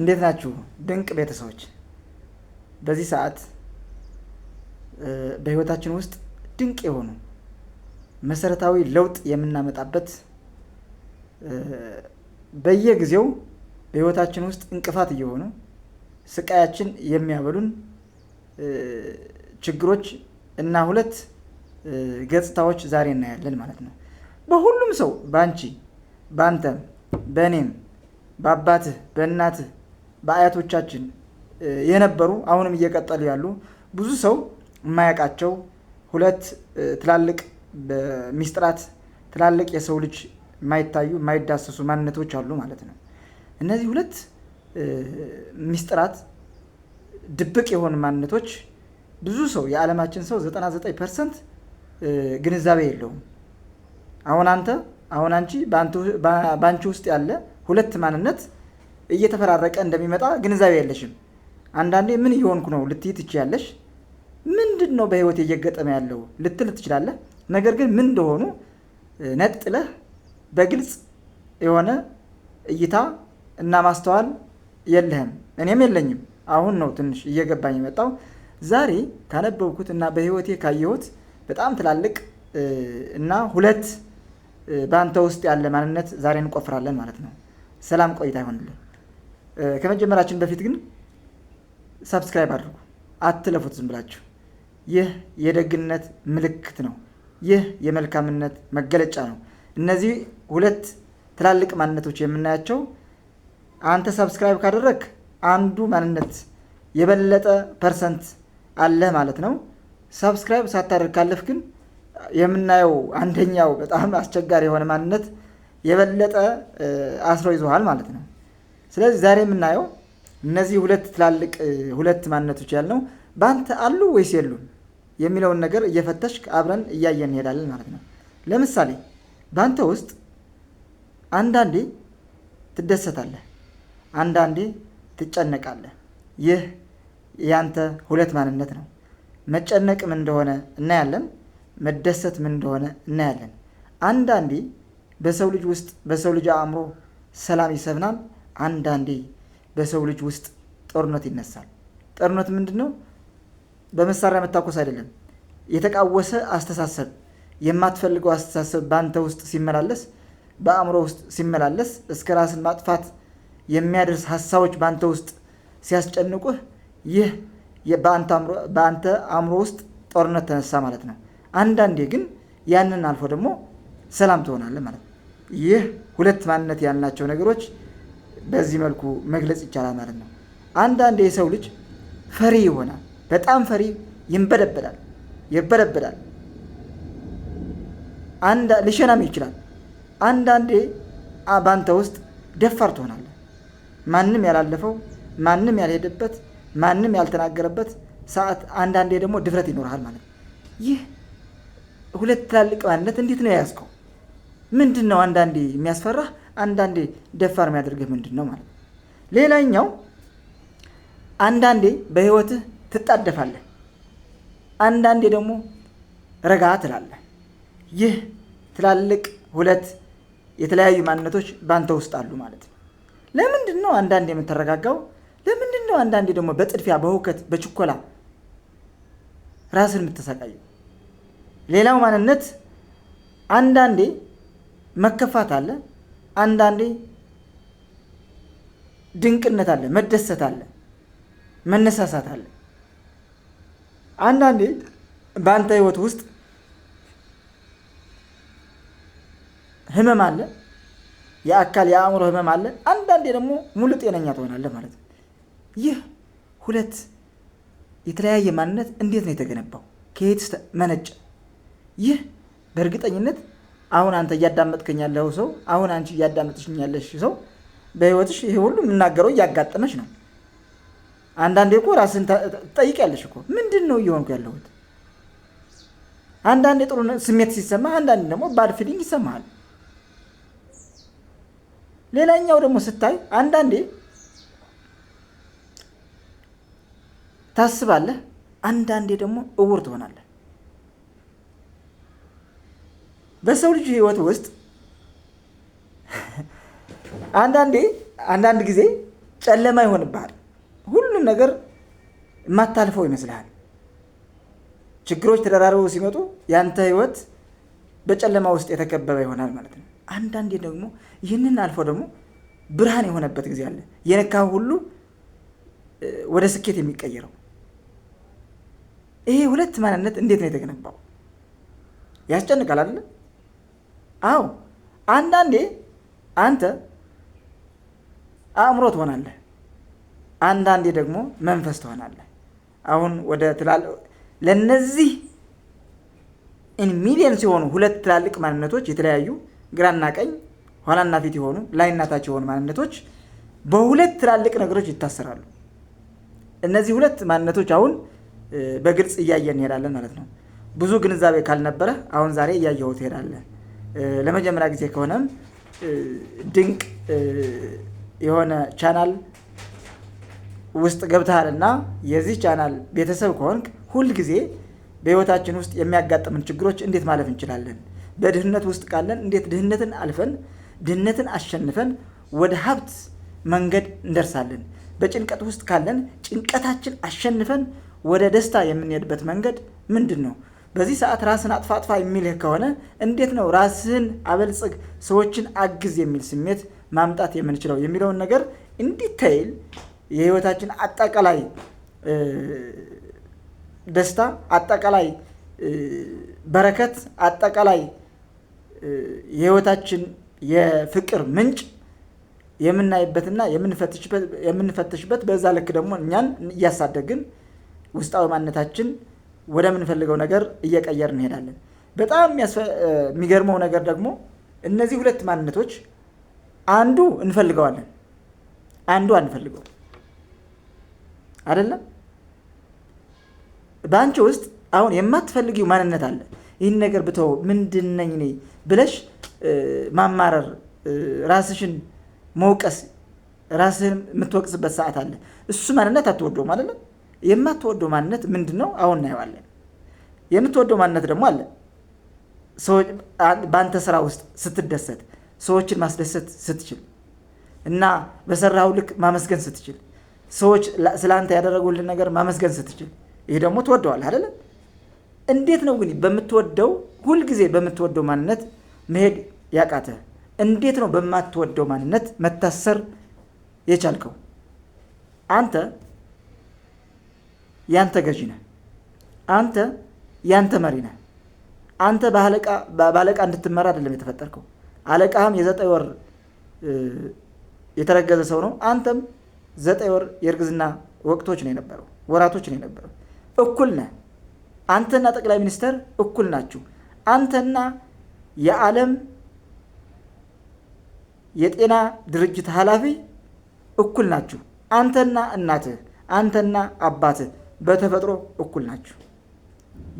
እንዴት ናችሁ ድንቅ ቤተሰቦች? በዚህ ሰዓት በህይወታችን ውስጥ ድንቅ የሆኑ መሰረታዊ ለውጥ የምናመጣበት በየጊዜው በህይወታችን ውስጥ እንቅፋት እየሆኑ ስቃያችን የሚያበሉን ችግሮች እና ሁለት ገጽታዎች ዛሬ እናያለን ማለት ነው። በሁሉም ሰው በአንቺ፣ በአንተም፣ በእኔም፣ በአባትህ፣ በእናትህ በአያቶቻችን የነበሩ አሁንም እየቀጠሉ ያሉ ብዙ ሰው የማያውቃቸው ሁለት ትላልቅ ሚስጥራት ትላልቅ የሰው ልጅ የማይታዩ የማይዳሰሱ ማንነቶች አሉ ማለት ነው። እነዚህ ሁለት ሚስጥራት ድብቅ የሆኑ ማንነቶች ብዙ ሰው የዓለማችን ሰው 99 ፐርሰንት ግንዛቤ የለውም። አሁን አንተ አሁን አንቺ በአንቺ ውስጥ ያለ ሁለት ማንነት እየተፈራረቀ እንደሚመጣ ግንዛቤ የለሽም። አንዳንዴ ምን እየሆንኩ ነው ልትይ ትችያለሽ። ምንድን ነው በህይወት እየገጠመ ያለው ልትል ትችላለህ። ነገር ግን ምን እንደሆኑ ነጥለህ በግልጽ የሆነ እይታ እና ማስተዋል የለህም። እኔም የለኝም። አሁን ነው ትንሽ እየገባኝ የመጣው። ዛሬ ካነበብኩት እና በህይወቴ ካየሁት በጣም ትላልቅ እና ሁለት በአንተ ውስጥ ያለ ማንነት ዛሬ እንቆፍራለን ማለት ነው። ሰላም ቆይታ ይሆንልን። ከመጀመራችን በፊት ግን ሰብስክራይብ አድርጉ፣ አትለፉት ዝም ብላችሁ። ይህ የደግነት ምልክት ነው። ይህ የመልካምነት መገለጫ ነው። እነዚህ ሁለት ትላልቅ ማንነቶች የምናያቸው አንተ ሰብስክራይብ ካደረግ አንዱ ማንነት የበለጠ ፐርሰንት አለህ ማለት ነው። ሰብስክራይብ ሳታደርግ ካለፍ ግን የምናየው አንደኛው በጣም አስቸጋሪ የሆነ ማንነት የበለጠ አስሮ ይዞሃል ማለት ነው። ስለዚህ ዛሬ የምናየው እነዚህ ሁለት ትላልቅ ሁለት ማንነቶች ያልነው በአንተ አሉ ወይስ የሉ የሚለውን ነገር እየፈተሽክ አብረን እያየን እንሄዳለን ማለት ነው። ለምሳሌ በአንተ ውስጥ አንዳንዴ ትደሰታለህ፣ አንዳንዴ ትጨነቃለህ። ይህ ያንተ ሁለት ማንነት ነው። መጨነቅ ምን እንደሆነ እናያለን። መደሰት ምን እንደሆነ እናያለን። አንዳንዴ በሰው ልጅ ውስጥ በሰው ልጅ አእምሮ ሰላም ይሰብናል? አንዳንዴ በሰው ልጅ ውስጥ ጦርነት ይነሳል። ጦርነት ምንድን ነው? በመሳሪያ መታኮስ አይደለም። የተቃወሰ አስተሳሰብ፣ የማትፈልገው አስተሳሰብ በአንተ ውስጥ ሲመላለስ፣ በአእምሮ ውስጥ ሲመላለስ፣ እስከ ራስን ማጥፋት የሚያደርስ ሀሳቦች በአንተ ውስጥ ሲያስጨንቁህ፣ ይህ በአንተ አእምሮ ውስጥ ጦርነት ተነሳ ማለት ነው። አንዳንዴ ግን ያንን አልፎ ደግሞ ሰላም ትሆናለህ ማለት ነው። ይህ ሁለት ማንነት ያልናቸው ነገሮች በዚህ መልኩ መግለጽ ይቻላል ማለት ነው። አንዳንድ የሰው ልጅ ፈሪ ይሆናል። በጣም ፈሪ ይንበለበላል፣ ይበለበላል፣ ሊሸናም ይችላል። አንዳንዴ በአንተ ውስጥ ደፋር ትሆናለህ። ማንም ያላለፈው ማንም ያልሄደበት ማንም ያልተናገረበት ሰዓት፣ አንዳንዴ ደግሞ ድፍረት ይኖርሃል ማለት ነው። ይህ ሁለት ትላልቅ ማንነት እንዴት ነው የያዝከው? ምንድን ነው አንዳንዴ የሚያስፈራህ? አንዳንዴ ደፋር የሚያደርግህ ምንድን ነው ማለት ነው። ሌላኛው አንዳንዴ በህይወትህ ትጣደፋለህ፣ አንዳንዴ ደግሞ ረጋ ትላለህ። ይህ ትላልቅ ሁለት የተለያዩ ማንነቶች ባንተ ውስጥ አሉ ማለት ነው። ለምንድን ነው አንዳንዴ የምትረጋጋው? ለምንድን ነው አንዳንዴ ደግሞ በጥድፊያ፣ በሁከት፣ በችኮላ ራስን የምትሰቃዩ? ሌላው ማንነት አንዳንዴ መከፋት አለ አንዳንዴ ድንቅነት አለ፣ መደሰት አለ፣ መነሳሳት አለ። አንዳንዴ በአንተ ህይወት ውስጥ ህመም አለ፣ የአካል የአእምሮ ህመም አለ። አንዳንዴ ደግሞ ሙሉ ጤነኛ ትሆናለህ ማለት ነው። ይህ ሁለት የተለያየ ማንነት እንዴት ነው የተገነባው? ከየትስ መነጨ? ይህ በእርግጠኝነት አሁን አንተ እያዳመጥከኝ ያለው ሰው አሁን አንቺ እያዳመጥሽኛለሽ ሰው በህይወትሽ ይሄ ሁሉ የምናገረው እያጋጠመች ነው። አንዳንዴ እኮ ራስን ትጠይቂያለሽ እኮ ምንድን ነው እየሆንኩ ያለሁት? አንዳንዴ ጥሩ ስሜት ሲሰማ፣ አንዳንዴ ደግሞ ባድ ፊሊንግ ይሰማሃል። ሌላኛው ደግሞ ስታይ አንዳንዴ ታስባለህ፣ አንዳንዴ ደግሞ እውር ትሆናለህ። በሰው ልጅ ህይወት ውስጥ አንዳንዴ አንዳንድ ጊዜ ጨለማ ይሆንብሃል። ሁሉም ነገር የማታልፈው ይመስልሃል። ችግሮች ተደራርበው ሲመጡ ያንተ ህይወት በጨለማ ውስጥ የተከበበ ይሆናል ማለት ነው። አንዳንዴ ደግሞ ይህንን አልፎ ደግሞ ብርሃን የሆነበት ጊዜ አለ። የነካ ሁሉ ወደ ስኬት የሚቀየረው ይሄ ሁለት ማንነት እንዴት ነው የተገነባው? ያስጨንቃል አይደል? አዎ አንዳንዴ አንተ አእምሮ ትሆናለህ፣ አንዳንዴ ደግሞ መንፈስ ትሆናለህ። አሁን ወደ ትላል ለእነዚህ ሚሊየን ሲሆኑ ሁለት ትላልቅ ማንነቶች የተለያዩ ግራና ቀኝ ኋላና ፊት የሆኑ ላይና ታች የሆኑ ማንነቶች በሁለት ትላልቅ ነገሮች ይታሰራሉ። እነዚህ ሁለት ማንነቶች አሁን በግልጽ እያየን እንሄዳለን ማለት ነው። ብዙ ግንዛቤ ካልነበረ አሁን ዛሬ እያየሁት እሄዳለን። ለመጀመሪያ ጊዜ ከሆነም ድንቅ የሆነ ቻናል ውስጥ ገብተሃል እና የዚህ ቻናል ቤተሰብ ከሆንክ ሁል ጊዜ በህይወታችን ውስጥ የሚያጋጥምን ችግሮች እንዴት ማለፍ እንችላለን፣ በድህነት ውስጥ ካለን እንዴት ድህነትን አልፈን ድህነትን አሸንፈን ወደ ሀብት መንገድ እንደርሳለን፣ በጭንቀት ውስጥ ካለን ጭንቀታችን አሸንፈን ወደ ደስታ የምንሄድበት መንገድ ምንድን ነው? በዚህ ሰዓት ራስን አጥፋ አጥፋ የሚልህ ከሆነ እንዴት ነው ራስህን አበልጽግ፣ ሰዎችን አግዝ የሚል ስሜት ማምጣት የምንችለው የሚለውን ነገር እንዲታይል የህይወታችን አጠቃላይ ደስታ፣ አጠቃላይ በረከት፣ አጠቃላይ የህይወታችን የፍቅር ምንጭ የምናይበትና የምንፈትሽበት በዛ ልክ ደግሞ እኛን እያሳደግን ውስጣዊ ማንነታችን ወደምንፈልገው ነገር እየቀየር እንሄዳለን። በጣም የሚገርመው ነገር ደግሞ እነዚህ ሁለት ማንነቶች አንዱ እንፈልገዋለን፣ አንዱ አንፈልገው አይደለም። በአንቺ ውስጥ አሁን የማትፈልጊው ማንነት አለ። ይህን ነገር ብተው ምንድን ነኝ እኔ ብለሽ ማማረር፣ ራስሽን መውቀስ፣ ራስህን የምትወቅስበት ሰዓት አለ። እሱ ማንነት አትወደውም አይደለም። የማትወደው ማንነት ምንድን ነው? አሁን እናየዋለን። የምትወደው ማንነት ደግሞ አለ። በአንተ ስራ ውስጥ ስትደሰት፣ ሰዎችን ማስደሰት ስትችል እና በሰራው ልክ ማመስገን ስትችል፣ ሰዎች ስለ አንተ ያደረጉልን ነገር ማመስገን ስትችል፣ ይህ ደግሞ ትወደዋል አይደለ? እንዴት ነው ግን በምትወደው ሁልጊዜ በምትወደው ማንነት መሄድ ያቃተ? እንዴት ነው በማትወደው ማንነት መታሰር የቻልከው አንተ ያንተ ገዢ ነህ። አንተ ያንተ መሪ ነህ። አንተ በአለቃ እንድትመራ አይደለም የተፈጠርከው። አለቃህም የዘጠኝ ወር የተረገዘ ሰው ነው። አንተም ዘጠኝ ወር የእርግዝና ወቅቶች ነው የነበረው፣ ወራቶች ነው የነበረው። እኩል ነህ። አንተና ጠቅላይ ሚኒስተር እኩል ናችሁ። አንተና የዓለም የጤና ድርጅት ኃላፊ እኩል ናችሁ። አንተና እናትህ፣ አንተና አባትህ በተፈጥሮ እኩል ናቸው።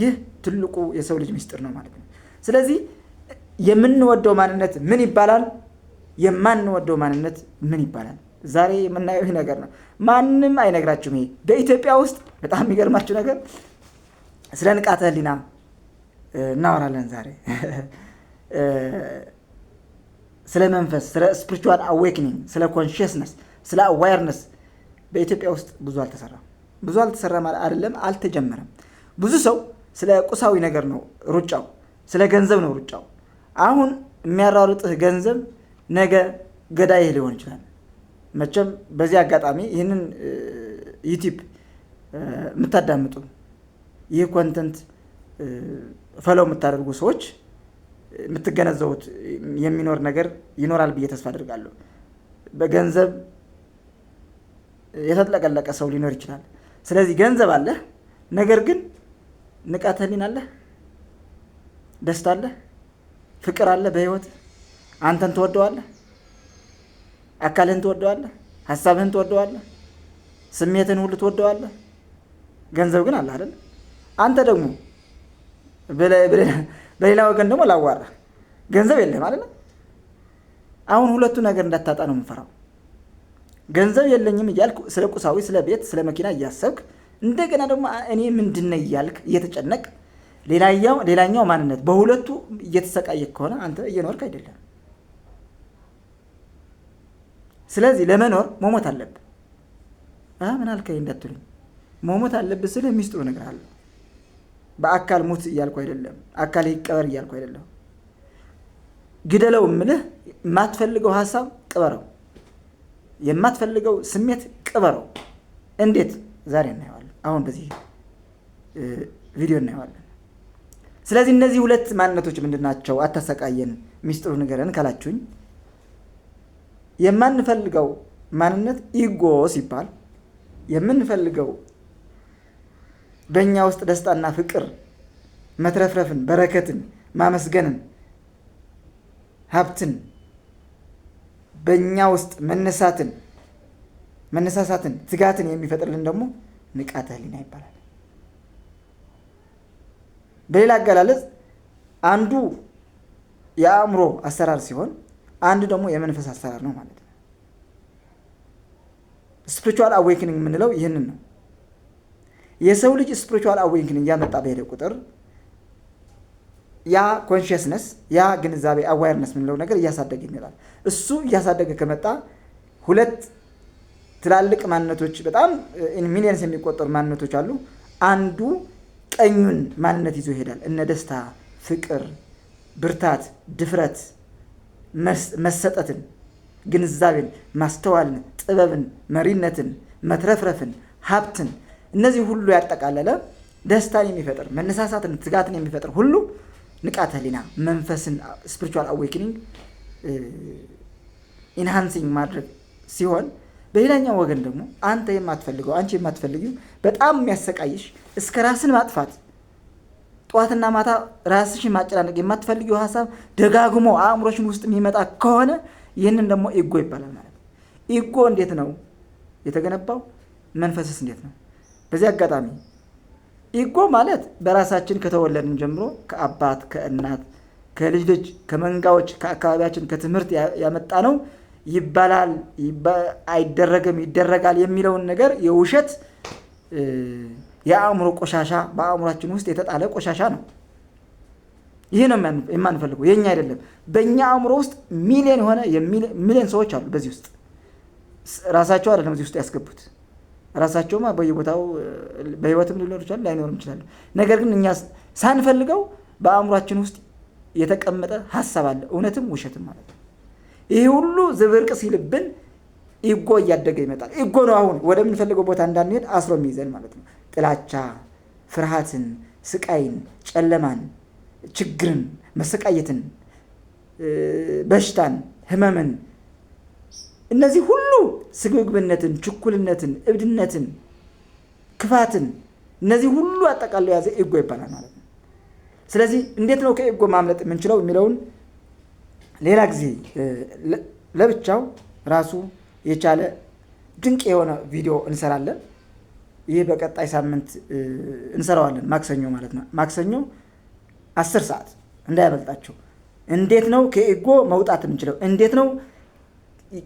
ይህ ትልቁ የሰው ልጅ ምስጢር ነው ማለት ነው። ስለዚህ የምንወደው ማንነት ምን ይባላል? የማንወደው ማንነት ምን ይባላል? ዛሬ የምናየው ይህ ነገር ነው። ማንም አይነግራችሁም። ይሄ በኢትዮጵያ ውስጥ በጣም የሚገርማችሁ ነገር ስለ ንቃተ ህሊና እናወራለን ዛሬ ስለ መንፈስ፣ ስለ ስፒሪቹዋል አዌክኒንግ፣ ስለ ኮንሽስነስ፣ ስለ አዋርነስ በኢትዮጵያ ውስጥ ብዙ አልተሰራም። ብዙ አልተሰራ ማለት አይደለም፣ አልተጀመረም። ብዙ ሰው ስለ ቁሳዊ ነገር ነው ሩጫው፣ ስለ ገንዘብ ነው ሩጫው። አሁን የሚያራርጥህ ገንዘብ ነገ ገዳይህ ሊሆን ይችላል። መቼም በዚህ አጋጣሚ ይህንን ዩቲዩብ የምታዳምጡ ይህ ኮንተንት ፈለው የምታደርጉ ሰዎች የምትገነዘቡት የሚኖር ነገር ይኖራል ብዬ ተስፋ አድርጋለሁ። በገንዘብ የተጥለቀለቀ ሰው ሊኖር ይችላል። ስለዚህ ገንዘብ አለህ፣ ነገር ግን ንቃተ ህሊና አለህ፣ ደስታ አለህ፣ ፍቅር አለህ፣ በህይወት አንተን ትወደዋለህ፣ አካልህን ትወደዋለህ፣ ሀሳብህን ትወደዋለህ፣ ስሜትህን ሁሉ ትወደዋለህ። ገንዘብ ግን አለ አይደል? አንተ ደግሞ በሌላ ወገን ደግሞ ላዋራ ገንዘብ የለህም አይደል? አሁን ሁለቱ ነገር እንዳታጣ ነው የምንፈራው። ገንዘብ የለኝም እያልክ ስለ ቁሳዊ፣ ስለ ቤት፣ ስለ መኪና እያሰብክ እንደገና ደግሞ እኔ ምንድነ እያልክ እየተጨነቅ ሌላኛው ማንነት በሁለቱ እየተሰቃየክ ከሆነ አንተ እየኖርክ አይደለም። ስለዚህ ለመኖር መሞት አለብህ። ምን አልከኝ እንዳትሉኝ፣ መሞት አለብህ ስልህ ሚስጥሩ እነግርሃለሁ። በአካል ሙት እያልኩ አይደለም፣ አካል ይቀበር እያልኩ አይደለም። ግደለው ምልህ የማትፈልገው ሀሳብ ቅበረው። የማትፈልገው ስሜት ቅበረው። እንዴት ዛሬ እናየዋለን። አሁን በዚህ ቪዲዮ እናየዋለን። ስለዚህ እነዚህ ሁለት ማንነቶች ምንድን ናቸው? አታሰቃየን፣ ሚስጥሩ ንገረን ካላችሁኝ የማንፈልገው ማንነት ኢጎ ሲባል የምንፈልገው በእኛ ውስጥ ደስታና ፍቅር መትረፍረፍን፣ በረከትን፣ ማመስገንን፣ ሀብትን በእኛ ውስጥ መነሳትን መነሳሳትን ትጋትን የሚፈጥርልን ደግሞ ንቃተ ህሊና ይባላል። በሌላ አገላለጽ አንዱ የአእምሮ አሰራር ሲሆን አንዱ ደግሞ የመንፈስ አሰራር ነው ማለት ነው። ስፕሪቹዋል አዌክኒንግ የምንለው ይህንን ነው። የሰው ልጅ ስፕሪቹዋል አዌክኒንግ እያመጣ በሄደ ቁጥር ያ ኮንሽስነስ ያ ግንዛቤ አዋርነስ የምንለው ነገር እያሳደገ ይመጣል። እሱ እያሳደገ ከመጣ ሁለት ትላልቅ ማንነቶች በጣም ሚሊየንስ የሚቆጠሩ ማንነቶች አሉ። አንዱ ቀኙን ማንነት ይዞ ይሄዳል። እነ ደስታ፣ ፍቅር፣ ብርታት፣ ድፍረት፣ መሰጠትን፣ ግንዛቤን፣ ማስተዋልን፣ ጥበብን፣ መሪነትን፣ መትረፍረፍን፣ ሀብትን እነዚህ ሁሉ ያጠቃለለ ደስታን የሚፈጥር መነሳሳትን፣ ትጋትን የሚፈጥር ሁሉ ንቃተ ህሊና መንፈስን ስፒሪቹዋል አዌክኒንግ ኢንሃንሲንግ ማድረግ ሲሆን በሌላኛው ወገን ደግሞ አንተ የማትፈልገው አንቺ የማትፈልጊው በጣም የሚያሰቃይሽ እስከ ራስን ማጥፋት ጠዋትና ማታ ራስሽን ማጨናነቅ የማትፈልጊው ሀሳብ ደጋግሞ አእምሮሽን ውስጥ የሚመጣ ከሆነ ይህንን ደግሞ ኢጎ ይባላል ማለት ነው። ኢጎ እንዴት ነው የተገነባው? መንፈስስ እንዴት ነው? በዚህ አጋጣሚ ኢጎ ማለት በራሳችን ከተወለድን ጀምሮ ከአባት ከእናት ከልጅ ልጅ ከመንጋዎች ከአካባቢያችን ከትምህርት ያመጣ ነው ይባላል፣ አይደረግም፣ ይደረጋል የሚለውን ነገር የውሸት የአእምሮ ቆሻሻ በአእምሯችን ውስጥ የተጣለ ቆሻሻ ነው። ይህ ነው የማንፈልገው፣ የኛ አይደለም። በእኛ አእምሮ ውስጥ ሚሊዮን የሆነ ሚሊዮን ሰዎች አሉ። በዚህ ውስጥ ራሳቸው አይደለም እዚህ ውስጥ ያስገቡት። ራሳቸውም በየቦታው በህይወትም ሊኖር ይችላል ላይኖርም ይችላል። ነገር ግን እኛ ሳንፈልገው በአእምሯችን ውስጥ የተቀመጠ ሀሳብ አለ፣ እውነትም ውሸትም ማለት ነው። ይህ ሁሉ ዝብርቅ ሲልብን ኢጎ እያደገ ይመጣል። ኢጎ ነው አሁን ወደምንፈልገው ቦታ እንዳንሄድ አስሮ የሚይዘን ማለት ነው። ጥላቻ፣ ፍርሃትን፣ ስቃይን፣ ጨለማን፣ ችግርን፣ መሰቃየትን፣ በሽታን፣ ህመምን እነዚህ ሁሉ ስግብግብነትን፣ ችኩልነትን፣ እብድነትን፣ ክፋትን እነዚህ ሁሉ አጠቃሎ የያዘ ኢጎ ይባላል ማለት ነው። ስለዚህ እንዴት ነው ከኤጎ ማምለጥ የምንችለው የሚለውን ሌላ ጊዜ ለብቻው ራሱ የቻለ ድንቅ የሆነ ቪዲዮ እንሰራለን። ይህ በቀጣይ ሳምንት እንሰራዋለን፣ ማክሰኞ ማለት ነው። ማክሰኞ አስር ሰዓት እንዳያበልጣቸው። እንዴት ነው ከኢጎ መውጣት የምንችለው? እንዴት ነው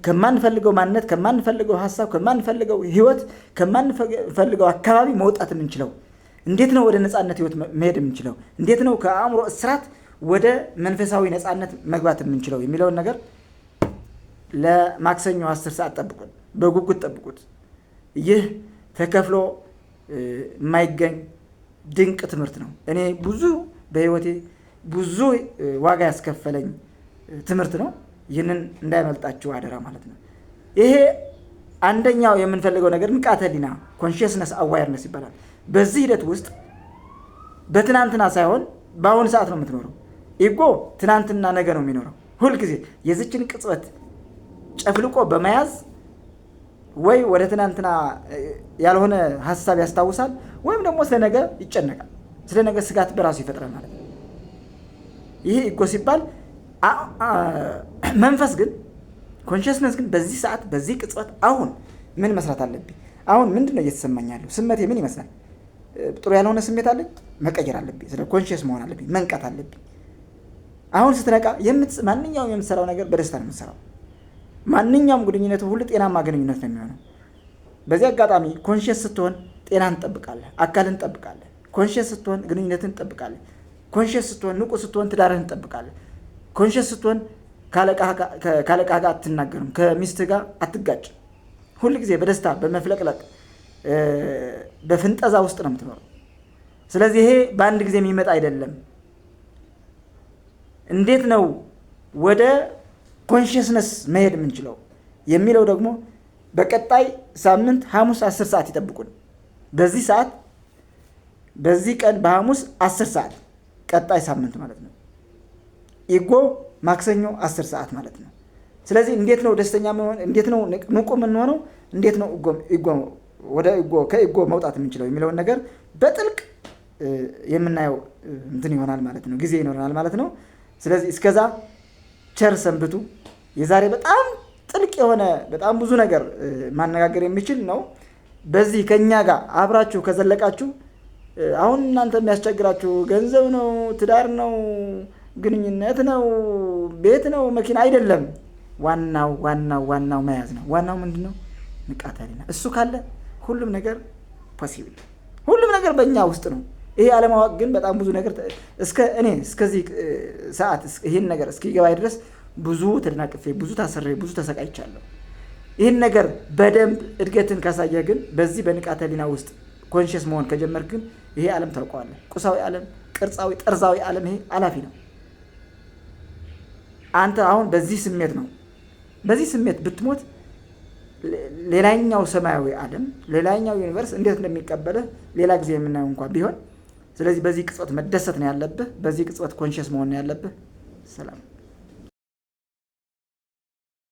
ከማንፈልገው ማንነት፣ ከማንፈልገው ሀሳብ፣ ከማንፈልገው ህይወት፣ ከማንፈልገው አካባቢ መውጣት የምንችለው እንዴት ነው? ወደ ነፃነት ህይወት መሄድ የምንችለው እንዴት ነው? ከአእምሮ እስራት ወደ መንፈሳዊ ነፃነት መግባት የምንችለው የሚለውን ነገር ለማክሰኞ አስር ሰዓት ጠብቁት፣ በጉጉት ጠብቁት። ይህ ተከፍሎ የማይገኝ ድንቅ ትምህርት ነው። እኔ ብዙ በህይወቴ ብዙ ዋጋ ያስከፈለኝ ትምህርት ነው። ይህንን እንዳይመልጣችሁ አደራ ማለት ነው። ይሄ አንደኛው የምንፈልገው ነገር ንቃተ ህሊና ኮንሽስነስ አዋየርነስ ይባላል። በዚህ ሂደት ውስጥ በትናንትና ሳይሆን በአሁኑ ሰዓት ነው የምትኖረው። ኢጎ ትናንትና ነገ ነው የሚኖረው። ሁልጊዜ የዚችን ቅጽበት ጨፍልቆ በመያዝ ወይ ወደ ትናንትና ያልሆነ ሀሳብ ያስታውሳል፣ ወይም ደግሞ ስለ ነገ ይጨነቃል። ስለ ነገ ስጋት በራሱ ይፈጥራል ማለት ነው። ይህ ኢጎ ሲባል መንፈስ ግን ኮንሽስነስ ግን በዚህ ሰዓት በዚህ ቅጽበት አሁን ምን መስራት አለብኝ? አሁን ምንድን ነው እየተሰማኝ ያለው? ስመቴ ምን ይመስላል? ጥሩ ያልሆነ ስሜት አለኝ፣ መቀየር አለብኝ። ስለ ኮንሽስ መሆን አለብኝ፣ መንቃት አለብኝ። አሁን ስትነቃ ማንኛውም የምትሰራው ነገር በደስታ ነው የምትሰራው። ማንኛውም ግንኙነት ሁሉ ጤናማ ግንኙነት ነው የሚሆነው። በዚህ አጋጣሚ ኮንሽስ ስትሆን ጤናን ትጠብቃለህ፣ አካልን ትጠብቃለህ። ኮንሽስ ስትሆን ግንኙነትን ትጠብቃለህ። ኮንሽስ ስትሆን ንቁ ስትሆን ትዳርህን ትጠብቃለህ። ኮንሽስ ስትሆን ካለቃ ጋር አትናገርም፣ ከሚስት ጋር አትጋጭ። ሁል ጊዜ በደስታ በመፍለቅለቅ በፍንጠዛ ውስጥ ነው የምትኖረው። ስለዚህ ይሄ በአንድ ጊዜ የሚመጣ አይደለም። እንዴት ነው ወደ ኮንሽስነስ መሄድ የምንችለው የሚለው ደግሞ በቀጣይ ሳምንት ሐሙስ አስር ሰዓት ይጠብቁን። በዚህ ሰዓት በዚህ ቀን በሐሙስ አስር ሰዓት ቀጣይ ሳምንት ማለት ነው። ኢጎ ማክሰኞ አስር ሰዓት ማለት ነው። ስለዚህ እንዴት ነው ደስተኛ መሆን፣ እንዴት ነው ንቁ የምንሆነው፣ እንዴት ነው ኢጎ ወደ ኢጎ ከኢጎ መውጣት የምንችለው የሚለውን ነገር በጥልቅ የምናየው እንትን ይሆናል ማለት ነው። ጊዜ ይኖረናል ማለት ነው። ስለዚህ እስከዛ ቸር ሰንብቱ። የዛሬ በጣም ጥልቅ የሆነ በጣም ብዙ ነገር ማነጋገር የሚችል ነው። በዚህ ከእኛ ጋር አብራችሁ ከዘለቃችሁ አሁን እናንተ የሚያስቸግራችሁ ገንዘብ ነው፣ ትዳር ነው ግንኙነት ነው፣ ቤት ነው፣ መኪና አይደለም። ዋናው ዋናው ዋናው መያዝ ነው። ዋናው ምንድን ነው? ንቃተ ህሊና። እሱ ካለ ሁሉም ነገር ፖሲብል፣ ሁሉም ነገር በእኛ ውስጥ ነው። ይሄ አለማወቅ ግን በጣም ብዙ ነገር እስከ እኔ እስከዚህ ሰዓት ይህን ነገር እስኪገባኝ ድረስ ብዙ ተደናቅፌ፣ ብዙ ታስሬ ብዙ ተሰቃይቻለሁ። ይህን ነገር በደንብ እድገትን ካሳየ ግን በዚህ በንቃተ ህሊና ውስጥ ኮንሽስ መሆን ከጀመር ግን ይሄ ዓለም ታውቀዋለህ። ቁሳዊ ዓለም፣ ቅርጻዊ፣ ጠርዛዊ ዓለም ይሄ አላፊ ነው። አንተ አሁን በዚህ ስሜት ነው በዚህ ስሜት ብትሞት ሌላኛው ሰማያዊ ዓለም ሌላኛው ዩኒቨርስ እንዴት እንደሚቀበልህ ሌላ ጊዜ የምናየው እንኳ ቢሆን ስለዚህ በዚህ ቅጽበት መደሰት ነው ያለብህ። በዚህ ቅጽበት ኮንሽስ መሆን ነው ያለብህ። ሰላም